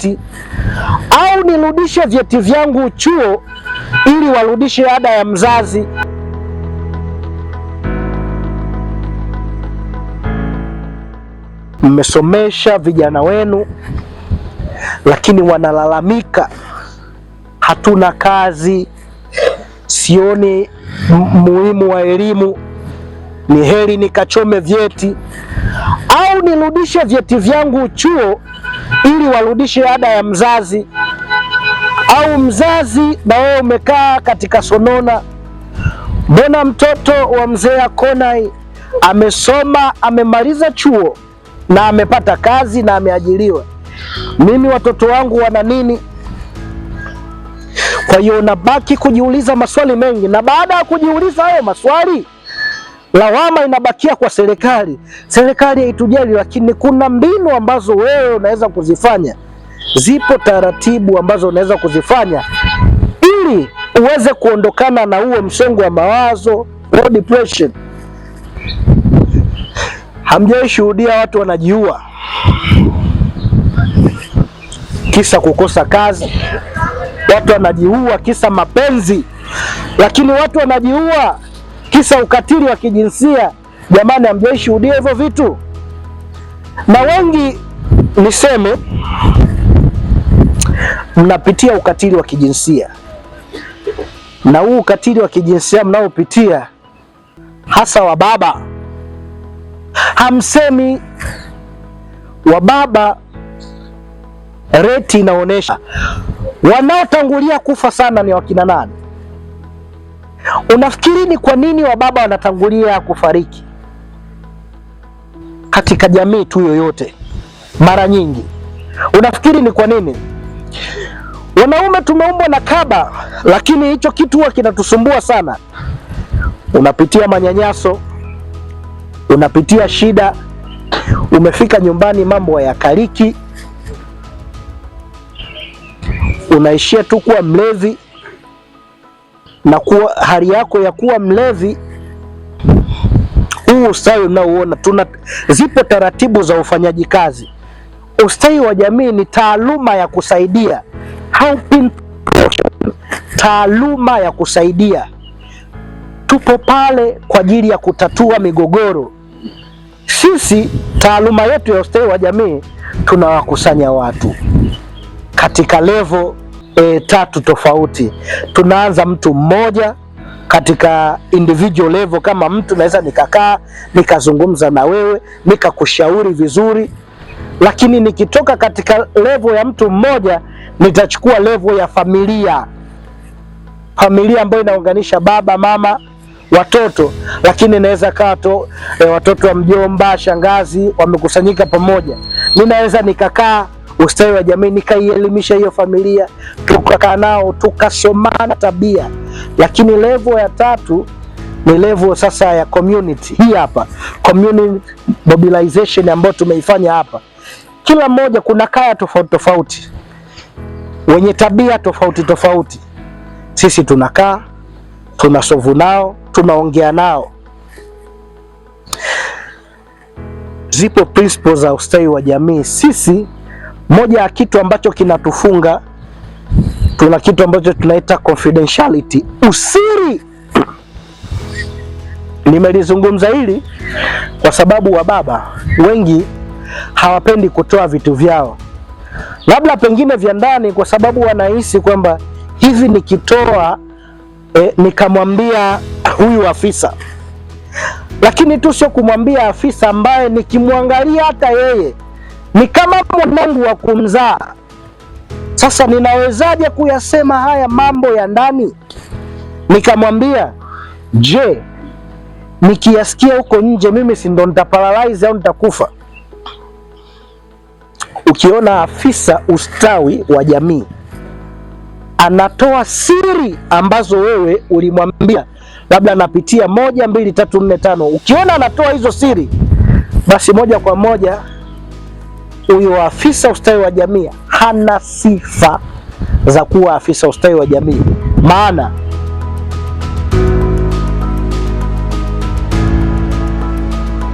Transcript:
vyeti au nirudishe vyeti vyangu chuo ili warudishe ada ya mzazi. Mmesomesha vijana wenu, lakini wanalalamika hatuna kazi. Sioni muhimu wa elimu, ni heri nikachome vyeti au nirudishe vyeti vyangu chuo ili warudishe ada ya mzazi, au mzazi na wewe umekaa katika sonona, mbona mtoto wa mzee Akonai amesoma amemaliza chuo na amepata kazi na ameajiriwa, mimi watoto wangu wana nini? Kwa hiyo nabaki kujiuliza maswali mengi, na baada ya kujiuliza hayo maswali lawama inabakia kwa serikali. Serikali haitujali, lakini kuna mbinu ambazo wewe unaweza kuzifanya, zipo taratibu ambazo unaweza kuzifanya ili uweze kuondokana na huo msongo wa mawazo low depression. Hamjawahi shuhudia watu wanajiua kisa kukosa kazi, watu wanajiua kisa mapenzi, lakini watu wanajiua kisa ukatili wa kijinsia jamani, hamjawahi hivyo vitu? Na wengi niseme, mnapitia ukatili wa kijinsia na huu ukatili wa kijinsia mnaopitia, hasa wa baba, hamsemi wa baba reti inaonyesha wanaotangulia kufa sana ni wakina nani? Unafikiri ni kwa nini wababa wanatangulia kufariki katika jamii tu yoyote? Mara nyingi unafikiri ni kwa nini? Wanaume tumeumbwa na kaba, lakini hicho kitu huwa kinatusumbua sana. Unapitia manyanyaso, unapitia shida, umefika nyumbani mambo hayakaliki, unaishia tu kuwa mlezi na kuwa hali yako ya kuwa mlevi, huu ustawi unaoona, tuna, zipo taratibu za ufanyaji kazi. Ustawi wa jamii ni taaluma ya kusaidia helping, taaluma ya kusaidia. Tupo pale kwa ajili ya kutatua migogoro. Sisi taaluma yetu ya ustawi wa jamii tunawakusanya watu katika levo e, tatu tofauti. Tunaanza mtu mmoja katika individual level, kama mtu naweza nikakaa nikazungumza na wewe nikakushauri vizuri, lakini nikitoka katika level ya mtu mmoja nitachukua level ya familia, familia ambayo inaunganisha baba, mama watoto lakini inaweza kaa e, watoto wa mjomba, shangazi wamekusanyika pamoja, ninaweza nikakaa ustawi wa jamii, nikaielimisha hiyo familia, tukakaa nao tukasomana tabia. Lakini level ya tatu ni level sasa ya community. Hii hapa community mobilization ambayo tumeifanya hapa, kila mmoja, kuna kaya tofauti tofauti wenye tabia tofauti tofauti, sisi tunakaa tunasovu nao tunaongea nao. Zipo principles za ustawi wa jamii sisi moja ya kitu ambacho kinatufunga, tuna kitu ambacho tunaita confidentiality, usiri. Nimelizungumza hili kwa sababu wa baba wengi hawapendi kutoa vitu vyao, labda pengine vya ndani, kwa sababu wanahisi kwamba hivi nikitoa eh, nikamwambia huyu afisa, lakini tu sio kumwambia afisa ambaye nikimwangalia hata yeye ni kama mwanangu wa kumzaa. Sasa ninawezaje kuyasema haya mambo ya ndani? Nikamwambia, je, nikiyasikia huko nje mimi si ndo nitaparalyze au nitakufa? Ukiona afisa ustawi wa jamii anatoa siri ambazo wewe ulimwambia labda anapitia moja mbili tatu nne tano, ukiona anatoa hizo siri, basi moja kwa moja huyo afisa ustawi wa jamii hana sifa za kuwa afisa ustawi wa jamii maana